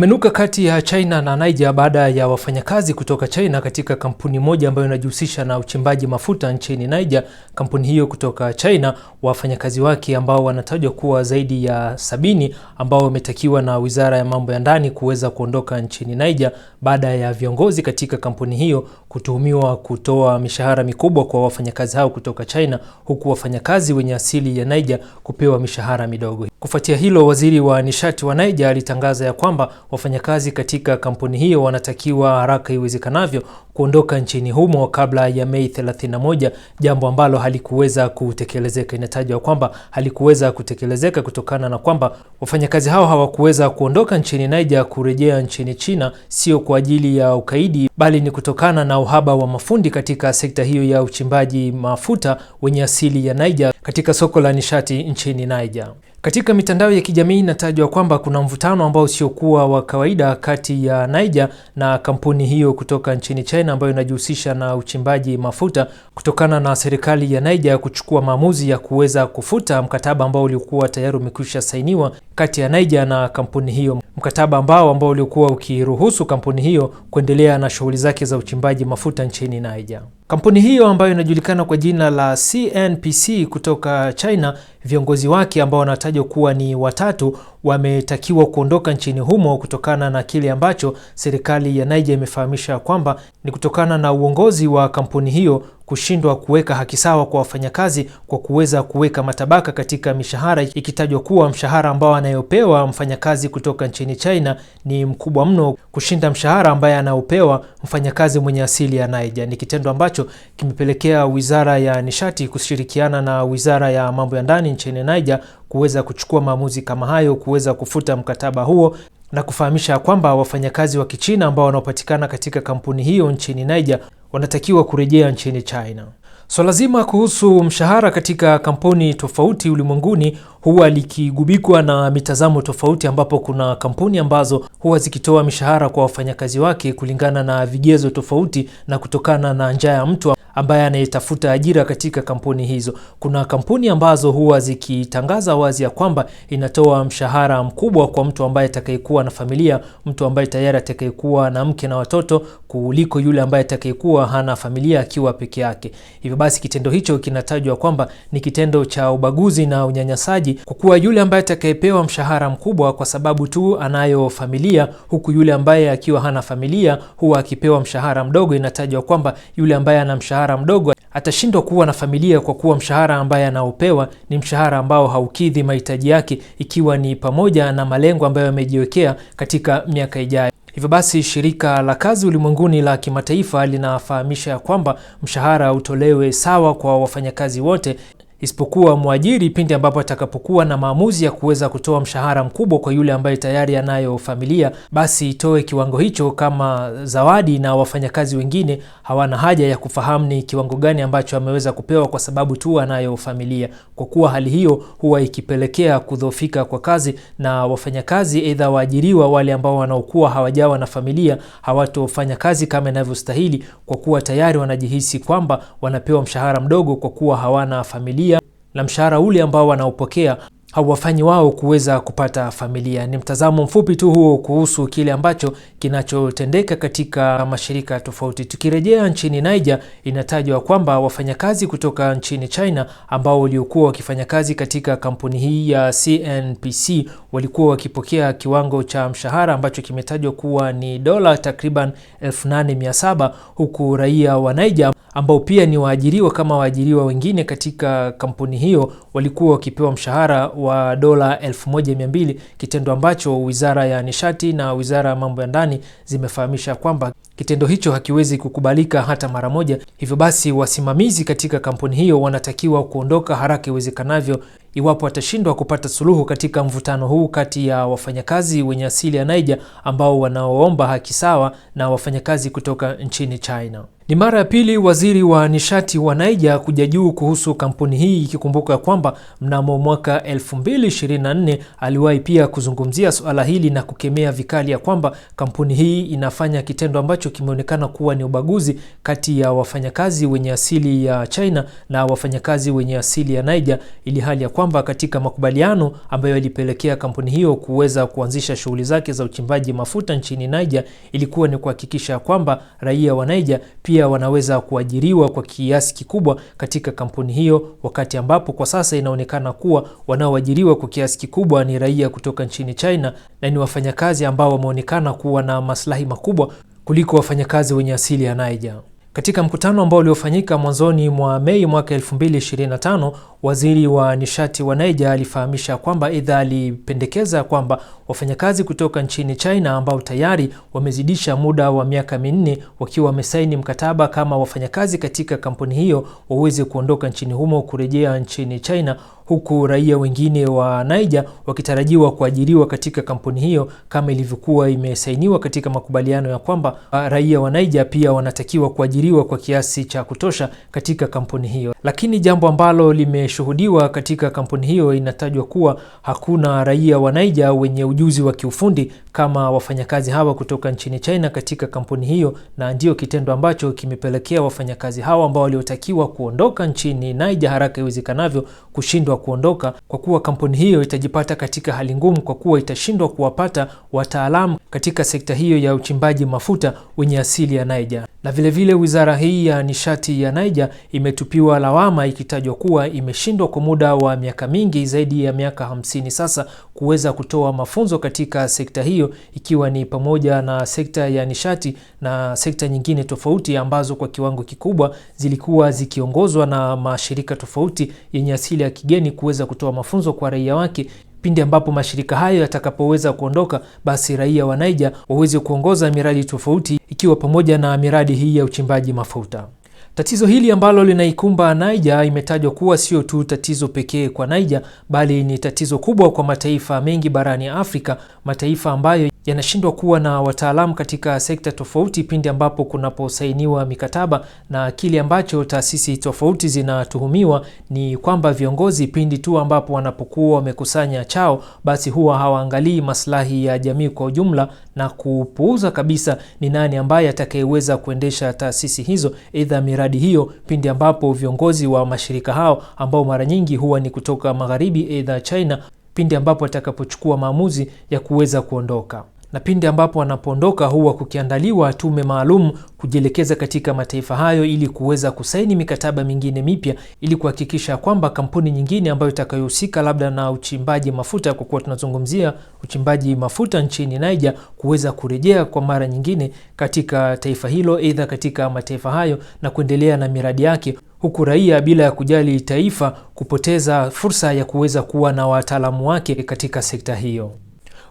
Kimenuka kati ya China na Niger baada ya wafanyakazi kutoka China katika kampuni moja ambayo inajihusisha na uchimbaji mafuta nchini Niger. Kampuni hiyo kutoka China, wafanyakazi wake ambao wanatajwa kuwa zaidi ya sabini, ambao wametakiwa na Wizara ya Mambo ya Ndani kuweza kuondoka nchini Niger baada ya viongozi katika kampuni hiyo kutuhumiwa kutoa mishahara mikubwa kwa wafanyakazi hao kutoka China, huku wafanyakazi wenye asili ya Niger kupewa mishahara midogo. Kufuatia hilo, waziri wa nishati wa Niger alitangaza ya kwamba wafanyakazi katika kampuni hiyo wanatakiwa haraka iwezekanavyo kuondoka nchini humo kabla ya Mei 31, jambo ambalo halikuweza kutekelezeka. Inatajwa kwamba halikuweza kutekelezeka kutokana na kwamba wafanyakazi hao hawakuweza kuondoka nchini Niger kurejea nchini China, sio kwa ajili ya ukaidi, bali ni kutokana na uhaba wa mafundi katika sekta hiyo ya uchimbaji mafuta wenye asili ya Niger katika soko la nishati nchini Niger. Katika mitandao ya kijamii inatajwa kwamba kuna mvutano ambao usiokuwa wa kawaida kati ya Niger na kampuni hiyo kutoka nchini China ambayo inajihusisha na uchimbaji mafuta kutokana na serikali ya Niger kuchukua maamuzi ya kuweza kufuta mkataba ambao ulikuwa tayari umekwisha sainiwa kati ya Niger na kampuni hiyo, mkataba ambao ambao ulikuwa ukiruhusu kampuni hiyo kuendelea na shughuli zake za uchimbaji mafuta nchini Niger. Kampuni hiyo ambayo inajulikana kwa jina la CNPC kutoka China, viongozi wake ambao wanatajwa kuwa ni watatu wametakiwa kuondoka nchini humo kutokana na kile ambacho serikali ya Niger imefahamisha kwamba ni kutokana na uongozi wa kampuni hiyo kushindwa kuweka haki sawa kwa wafanyakazi kwa kuweza kuweka matabaka katika mishahara, ikitajwa kuwa mshahara ambao anayopewa mfanyakazi kutoka nchini China ni mkubwa mno kushinda mshahara ambaye anaopewa mfanyakazi mwenye asili ya Niger. Ni kitendo ambacho kimepelekea Wizara ya Nishati kushirikiana na Wizara ya Mambo ya Ndani nchini Niger kuweza kuchukua maamuzi kama hayo, kuweza kufuta mkataba huo na kufahamisha kwamba wafanyakazi wa Kichina ambao wanaopatikana katika kampuni hiyo nchini Niger wanatakiwa kurejea nchini China. Swala so zima kuhusu mshahara katika kampuni tofauti ulimwenguni huwa likigubikwa na mitazamo tofauti, ambapo kuna kampuni ambazo huwa zikitoa mishahara kwa wafanyakazi wake kulingana na vigezo tofauti na kutokana na njaa ya mtu ambaye anayetafuta ajira katika kampuni hizo. Kuna kampuni ambazo huwa zikitangaza wazi ya kwamba inatoa mshahara mkubwa kwa mtu ambaye atakayekuwa na familia, mtu ambaye tayari atakayekuwa na mke na watoto, kuliko yule ambaye atakayekuwa hana familia akiwa peke yake. Hivyo basi kitendo hicho kinatajwa kwamba ni kitendo cha ubaguzi na unyanyasaji, kwa kuwa yule ambaye atakayepewa mshahara mkubwa kwa sababu tu anayo familia, huku yule ambaye akiwa hana familia huwa akipewa mshahara mdogo, inatajwa kwamba yule ambaye ana mshahara mshahara mdogo atashindwa kuwa na familia kwa kuwa mshahara ambaye anaopewa ni mshahara ambao haukidhi mahitaji yake, ikiwa ni pamoja na malengo ambayo amejiwekea katika miaka ijayo. Hivyo basi shirika la kazi ulimwenguni la kimataifa linafahamisha ya kwamba mshahara utolewe sawa kwa wafanyakazi wote isipokuwa mwajiri pindi ambapo atakapokuwa na maamuzi ya kuweza kutoa mshahara mkubwa kwa yule ambaye tayari anayo familia, basi itoe kiwango hicho kama zawadi, na wafanyakazi wengine hawana haja ya kufahamu ni kiwango gani ambacho ameweza kupewa kwa sababu tu anayo familia, kwa kuwa hali hiyo huwa ikipelekea kudhoofika kwa kazi, na wafanyakazi aidha waajiriwa wale ambao wanaokuwa hawajawa na familia hawatofanya kazi kama inavyostahili, kwa kuwa tayari wanajihisi kwamba wanapewa mshahara mdogo kwa kuwa hawana familia na mshahara ule ambao wanaopokea hauwafanyi wao kuweza kupata familia. Ni mtazamo mfupi tu huo kuhusu kile ambacho kinachotendeka katika mashirika tofauti. Tukirejea nchini Niger, inatajwa kwamba wafanyakazi kutoka nchini China ambao waliokuwa wakifanya kazi katika kampuni hii ya CNPC walikuwa wakipokea kiwango cha mshahara ambacho kimetajwa kuwa ni dola takriban 8700 huku raia wa Niger ambao pia ni waajiriwa kama waajiriwa wengine katika kampuni hiyo walikuwa wakipewa mshahara wa dola 1200 kitendo ambacho Wizara ya Nishati na Wizara ya Mambo ya Ndani zimefahamisha kwamba Kitendo hicho hakiwezi kukubalika hata mara moja. Hivyo basi, wasimamizi katika kampuni hiyo wanatakiwa kuondoka haraka iwezekanavyo iwapo watashindwa kupata suluhu katika mvutano huu kati ya wafanyakazi wenye asili ya Niger ambao wanaoomba haki sawa na wafanyakazi kutoka nchini China. Ni mara ya pili waziri wa nishati wa Niger kuja juu kuhusu kampuni hii, ikikumbuka kwamba mnamo mwaka 2024 aliwahi pia kuzungumzia suala hili na kukemea vikali ya kwamba kampuni hii inafanya kitendo ambacho ambacho kimeonekana kuwa ni ubaguzi kati ya wafanyakazi wenye asili ya China na wafanyakazi wenye asili ya Niger, ili hali ya kwamba katika makubaliano ambayo yalipelekea kampuni hiyo kuweza kuanzisha shughuli zake za uchimbaji mafuta nchini Niger ilikuwa ni kuhakikisha kwamba raia wa Niger pia wanaweza kuajiriwa kwa kiasi kikubwa katika kampuni hiyo, wakati ambapo kwa sasa inaonekana kuwa wanaoajiriwa kwa kiasi kikubwa ni raia kutoka nchini China na ni wafanyakazi ambao wameonekana kuwa na maslahi makubwa kuliko wafanyakazi wenye asili ya Niger. Katika mkutano ambao uliofanyika mwanzoni mwa Mei mwaka 2025, waziri wa nishati wa Niger alifahamisha kwamba idha alipendekeza kwamba wafanyakazi kutoka nchini China ambao tayari wamezidisha muda wa miaka minne wakiwa wamesaini mkataba kama wafanyakazi katika kampuni hiyo waweze kuondoka nchini humo kurejea nchini China huku raia wengine wa Niger wakitarajiwa kuajiriwa katika kampuni hiyo kama ilivyokuwa imesainiwa katika makubaliano ya kwamba ah, raia wa Niger pia wanatakiwa kuajiriwa kwa kiasi cha kutosha katika kampuni hiyo. Lakini jambo ambalo limeshuhudiwa katika kampuni hiyo, inatajwa kuwa hakuna raia wa Niger wenye ujuzi wa kiufundi kama wafanyakazi hawa kutoka nchini China katika kampuni hiyo, na ndiyo kitendo ambacho kimepelekea wafanyakazi hawa ambao waliotakiwa kuondoka nchini Niger haraka iwezekanavyo kushindwa kuondoka kwa kuwa kampuni hiyo itajipata katika hali ngumu kwa kuwa itashindwa kuwapata wataalamu katika sekta hiyo ya uchimbaji mafuta wenye asili ya Niger. Na vilevile wizara hii ya nishati ya Niger imetupiwa lawama ikitajwa kuwa imeshindwa kwa muda wa miaka mingi zaidi ya miaka hamsini sasa kuweza kutoa mafunzo katika sekta hiyo ikiwa ni pamoja na sekta ya nishati na sekta nyingine tofauti ambazo kwa kiwango kikubwa zilikuwa zikiongozwa na mashirika tofauti yenye asili ya kigeni kuweza kutoa mafunzo kwa raia wake Pindi ambapo mashirika hayo yatakapoweza kuondoka, basi raia wa Niger waweze kuongoza miradi tofauti, ikiwa pamoja na miradi hii ya uchimbaji mafuta. Tatizo hili ambalo linaikumba Niger imetajwa kuwa sio tu tatizo pekee kwa Niger, bali ni tatizo kubwa kwa mataifa mengi barani Afrika, mataifa ambayo yanashindwa kuwa na wataalamu katika sekta tofauti pindi ambapo kunaposainiwa mikataba, na kile ambacho taasisi tofauti zinatuhumiwa ni kwamba viongozi pindi tu ambapo wanapokuwa wamekusanya chao, basi huwa hawaangalii maslahi ya jamii kwa ujumla na kupuuza kabisa ni nani ambaye atakayeweza kuendesha taasisi hizo, aidha miradi hiyo, pindi ambapo viongozi wa mashirika hao ambao mara nyingi huwa ni kutoka magharibi, aidha China pindi ambapo atakapochukua maamuzi ya kuweza kuondoka na pindi ambapo wanapoondoka huwa kukiandaliwa tume maalum kujielekeza katika mataifa hayo ili kuweza kusaini mikataba mingine mipya ili kuhakikisha kwamba kampuni nyingine ambayo itakayohusika labda na uchimbaji mafuta, kwa kuwa tunazungumzia uchimbaji mafuta nchini Niger, kuweza kurejea kwa mara nyingine katika taifa hilo, aidha katika mataifa hayo na kuendelea na miradi yake huku raia bila ya kujali taifa kupoteza fursa ya kuweza kuwa na wataalamu wake katika sekta hiyo.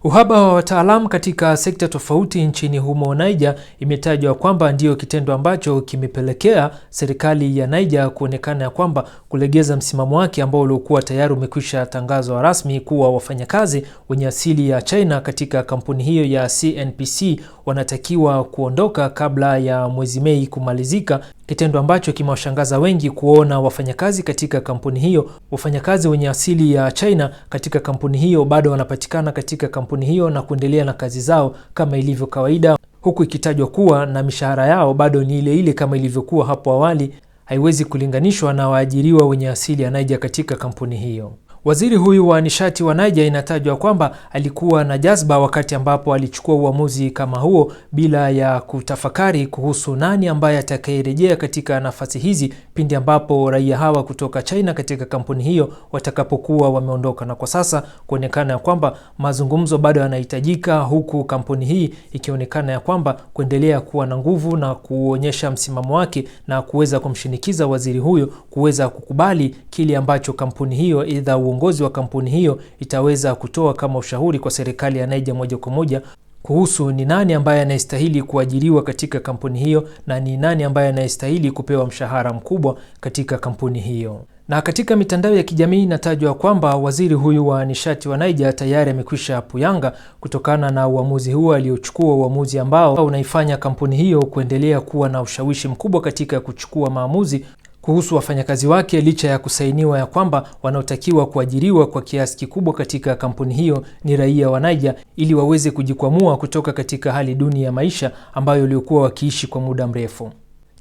Uhaba wa wataalamu katika sekta tofauti nchini humo Niger imetajwa kwamba ndiyo kitendo ambacho kimepelekea serikali ya Niger kuonekana ya kwamba kulegeza msimamo wake ambao uliokuwa tayari umekwisha tangazwa rasmi kuwa wafanyakazi wenye asili ya China katika kampuni hiyo ya CNPC wanatakiwa kuondoka kabla ya mwezi Mei kumalizika, kitendo ambacho kimewashangaza wengi kuona wafanyakazi katika kampuni hiyo, wafanyakazi wenye asili ya China katika kampuni hiyo bado wanapatikana katika kampuni hiyo na kuendelea na kazi zao kama ilivyo kawaida, huku ikitajwa kuwa na mishahara yao bado ni ile ile kama ilivyokuwa hapo awali, haiwezi kulinganishwa na waajiriwa wenye asili ya Niger katika kampuni hiyo. Waziri huyu wa nishati wa Niger inatajwa kwamba alikuwa na jazba wakati ambapo alichukua uamuzi kama huo bila ya kutafakari kuhusu nani ambaye atakayerejea katika nafasi hizi pindi ambapo raia hawa kutoka China katika kampuni hiyo watakapokuwa wameondoka, na kwa sasa kuonekana ya kwamba mazungumzo bado yanahitajika, huku kampuni hii ikionekana ya kwamba kuendelea kuwa na nguvu na kuonyesha msimamo wake na kuweza kumshinikiza waziri huyo kuweza kukubali kile ambacho kampuni hiyo idha uongozi wa kampuni hiyo itaweza kutoa kama ushauri kwa serikali ya Niger moja kwa moja kuhusu ni nani ambaye anayestahili kuajiriwa katika kampuni hiyo na ni nani ambaye anayestahili kupewa mshahara mkubwa katika kampuni hiyo. Na katika mitandao ya kijamii inatajwa kwamba waziri huyu wa nishati wa Niger tayari amekwisha puyanga kutokana na uamuzi huo aliochukua, uamuzi ambao unaifanya kampuni hiyo kuendelea kuwa na ushawishi mkubwa katika kuchukua maamuzi kuhusu wafanyakazi wake licha ya kusainiwa ya kwamba wanaotakiwa kuajiriwa kwa kiasi kikubwa katika kampuni hiyo ni raia wa Niger ili waweze kujikwamua kutoka katika hali duni ya maisha ambayo waliokuwa wakiishi kwa muda mrefu.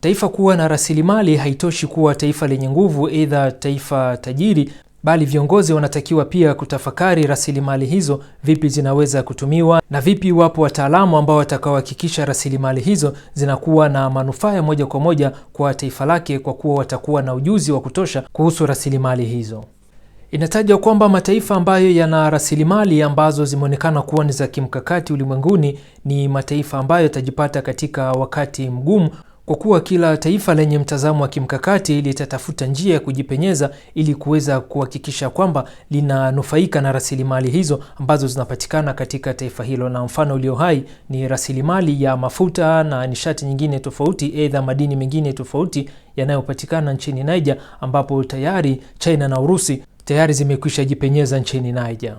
Taifa kuwa na rasilimali haitoshi kuwa taifa lenye nguvu, aidha taifa tajiri, bali viongozi wanatakiwa pia kutafakari rasilimali hizo vipi zinaweza kutumiwa na vipi wapo wataalamu ambao watakaohakikisha rasilimali hizo zinakuwa na manufaa ya moja kwa moja kwa taifa lake, kwa kuwa watakuwa na ujuzi wa kutosha kuhusu rasilimali hizo. Inatajwa kwamba mataifa ambayo yana rasilimali ambazo zimeonekana kuwa ni za kimkakati ulimwenguni ni mataifa ambayo yatajipata katika wakati mgumu kwa kuwa kila taifa lenye mtazamo wa kimkakati litatafuta njia ya kujipenyeza ili kuweza kuhakikisha kwamba linanufaika na rasilimali hizo ambazo zinapatikana katika taifa hilo, na mfano ulio hai ni rasilimali ya mafuta na nishati nyingine tofauti, aidha madini mengine tofauti yanayopatikana nchini Niger, ambapo tayari China na Urusi tayari zimekwisha jipenyeza nchini Niger.